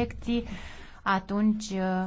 protecții, atunci uh,